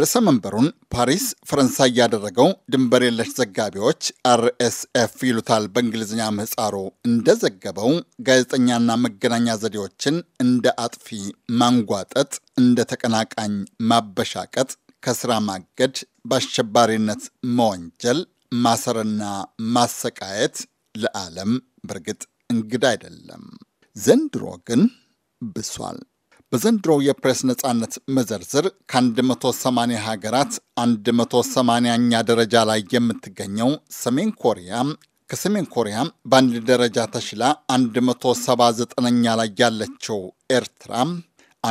ርዕሰ መንበሩን ፓሪስ ፈረንሳይ ያደረገው ድንበር የለሽ ዘጋቢዎች አርኤስኤፍ ይሉታል በእንግሊዝኛ ምህፃሩ እንደዘገበው ጋዜጠኛና መገናኛ ዘዴዎችን እንደ አጥፊ ማንጓጠጥ፣ እንደ ተቀናቃኝ ማበሻቀጥ፣ ከስራ ማገድ፣ በአሸባሪነት መወንጀል፣ ማሰርና ማሰቃየት ለዓለም በእርግጥ እንግዳ አይደለም። ዘንድሮ ግን ብሷል። በዘንድሮው የፕሬስ ነጻነት መዘርዝር ከ180 ሀገራት 180ኛ ደረጃ ላይ የምትገኘው ሰሜን ኮሪያ ከሰሜን ኮሪያ በአንድ ደረጃ ተሽላ 179ኛ ላይ ያለችው ኤርትራ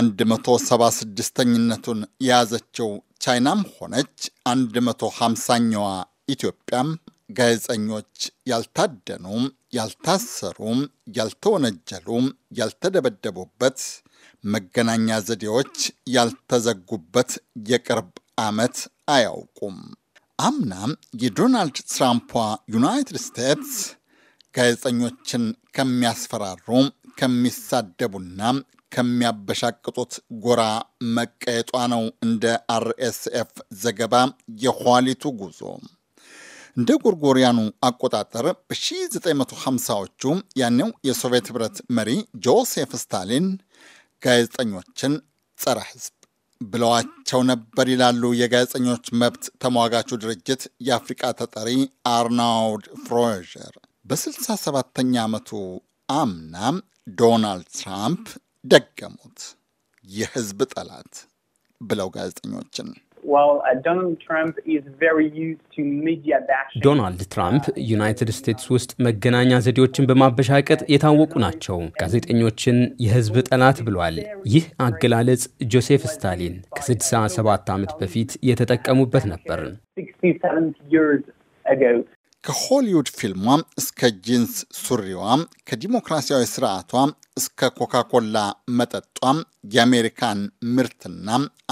176ኝነቱን የያዘችው ቻይናም ሆነች 150ኛዋ ኢትዮጵያም ጋዜጠኞች ያልታደኑም፣ ያልታሰሩም፣ ያልተወነጀሉም፣ ያልተደበደቡበት መገናኛ ዘዴዎች ያልተዘጉበት የቅርብ ዓመት አያውቁም። አምናም የዶናልድ ትራምፕ ዩናይትድ ስቴትስ ጋዜጠኞችን ከሚያስፈራሩ ከሚሳደቡና ከሚያበሻቅጡት ጎራ መቀየጧ ነው። እንደ አርኤስኤፍ ዘገባ የኋሊቱ ጉዞ እንደ ጎርጎሪያኑ አቆጣጠር በ1950ዎቹ ያኔው የሶቪየት ህብረት መሪ ጆሴፍ ስታሊን ጋዜጠኞችን ጸረ ህዝብ ብለዋቸው ነበር ይላሉ የጋዜጠኞች መብት ተሟጋቹ ድርጅት የአፍሪቃ ተጠሪ አርናውድ ፍሮዥር። በ67ኛ ዓመቱ አምና ዶናልድ ትራምፕ ደገሙት የህዝብ ጠላት ብለው ጋዜጠኞችን ዶናልድ ትራምፕ ዩናይትድ ስቴትስ ውስጥ መገናኛ ዘዴዎችን በማበሻቀጥ የታወቁ ናቸው። ጋዜጠኞችን የህዝብ ጠላት ብሏል። ይህ አገላለጽ ጆሴፍ ስታሊን ከ67 ዓመት በፊት የተጠቀሙበት ነበር። ከሆሊውድ ፊልሟ እስከ ጂንስ ሱሪዋ፣ ከዲሞክራሲያዊ ስርዓቷ እስከ ኮካኮላ መጠጧ የአሜሪካን ምርትና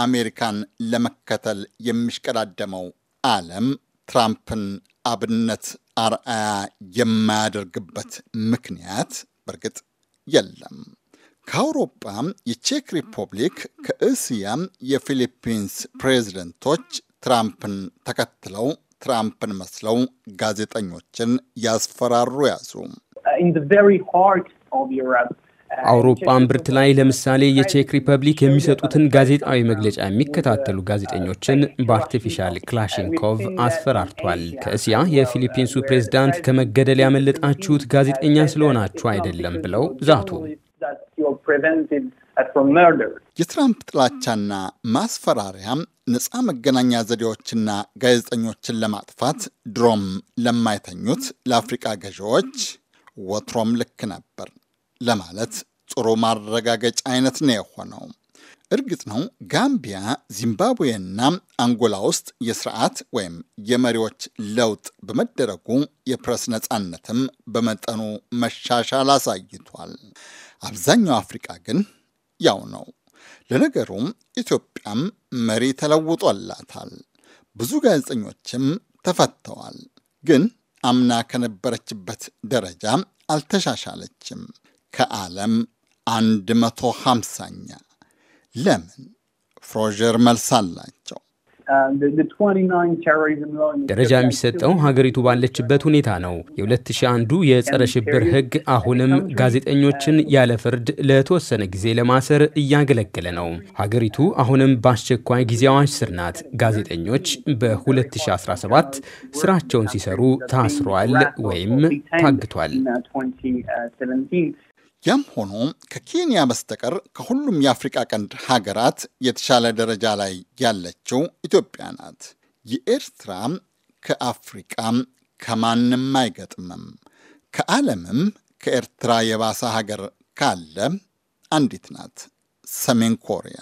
አሜሪካን ለመከተል የሚሽቀዳደመው ዓለም ትራምፕን አብነት አርአያ የማያደርግበት ምክንያት በእርግጥ የለም። ከአውሮፓ የቼክ ሪፐብሊክ፣ ከእስያ የፊሊፒንስ ፕሬዝደንቶች ትራምፕን ተከትለው ትራምፕን መስለው ጋዜጠኞችን ያስፈራሩ ያዙ። uh, አውሮፓን ብርት ላይ ለምሳሌ የቼክ ሪፐብሊክ የሚሰጡትን ጋዜጣዊ መግለጫ የሚከታተሉ ጋዜጠኞችን በአርቲፊሻል ክላሽንኮቭ አስፈራርቷል። ከእስያ የፊሊፒንሱ ፕሬዝዳንት ከመገደል ያመለጣችሁት ጋዜጠኛ ስለሆናችሁ አይደለም ብለው ዛቱ። የትራምፕ ጥላቻና ማስፈራሪያም ነፃ መገናኛ ዘዴዎችና ጋዜጠኞችን ለማጥፋት ድሮም ለማይተኙት ለአፍሪቃ ገዢዎች ወትሮም ልክ ነበር ለማለት ጥሩ ማረጋገጫ አይነት ነው የሆነው። እርግጥ ነው ጋምቢያ፣ ዚምባብዌና አንጎላ ውስጥ የስርዓት ወይም የመሪዎች ለውጥ በመደረጉ የፕረስ ነፃነትም በመጠኑ መሻሻል አሳይቷል። አብዛኛው አፍሪቃ ግን ያው ነው። ለነገሩም ኢትዮጵያም መሪ ተለውጦላታል። ብዙ ጋዜጠኞችም ተፈተዋል። ግን አምና ከነበረችበት ደረጃ አልተሻሻለችም። ከዓለም መቶ ኛ ለምን? ፍሮዥር መልስ አላቸው። ደረጃ የሚሰጠው ሀገሪቱ ባለችበት ሁኔታ ነው። የ2001ዱ የጸረ ሽብር ህግ አሁንም ጋዜጠኞችን ያለ ፍርድ ለተወሰነ ጊዜ ለማሰር እያገለገለ ነው። ሀገሪቱ አሁንም በአስቸኳይ ጊዜ አዋጅ ስር ናት። ጋዜጠኞች በ2017 ስራቸውን ሲሰሩ ታስሯል ወይም ታግቷል። ያም ሆኖ ከኬንያ በስተቀር ከሁሉም የአፍሪቃ ቀንድ ሀገራት የተሻለ ደረጃ ላይ ያለችው ኢትዮጵያ ናት። የኤርትራ ከአፍሪቃም ከማንም አይገጥምም። ከዓለምም ከኤርትራ የባሰ ሀገር ካለ አንዲት ናት፣ ሰሜን ኮሪያ።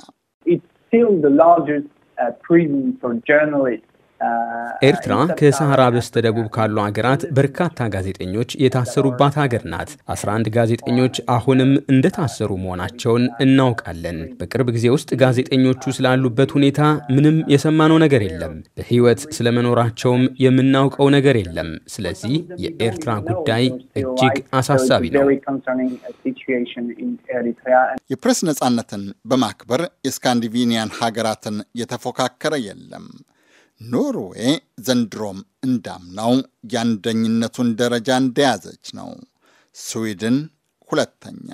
ኤርትራ ከሰሐራ በስተደቡብ ካሉ አገራት በርካታ ጋዜጠኞች የታሰሩባት አገር ናት። 11 ጋዜጠኞች አሁንም እንደታሰሩ መሆናቸውን እናውቃለን። በቅርብ ጊዜ ውስጥ ጋዜጠኞቹ ስላሉበት ሁኔታ ምንም የሰማነው ነገር የለም። በሕይወት ስለመኖራቸውም የምናውቀው ነገር የለም። ስለዚህ የኤርትራ ጉዳይ እጅግ አሳሳቢ ነው። የፕሬስ ነጻነትን በማክበር የስካንዲቪኒያን ሀገራትን የተፎካከረ የለም። ኖርዌ ዘንድሮም እንዳምናው የአንደኝነቱን ደረጃ እንደያዘች ነው። ስዊድን ሁለተኛ፣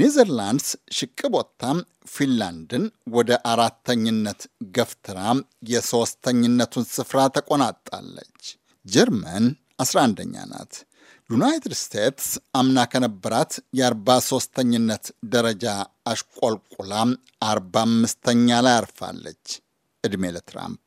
ኔዘርላንድስ ሽቅቦታም ፊንላንድን ወደ አራተኝነት ገፍትራ የሦስተኝነቱን ስፍራ ተቆናጣለች። ጀርመን 11ኛ ናት። ዩናይትድ ስቴትስ አምና ከነበራት የአርባ ሦስተኝነት ደረጃ አሽቆልቁላ አርባ አምስተኛ ላይ አርፋለች። ዕድሜ ለትራምፕ።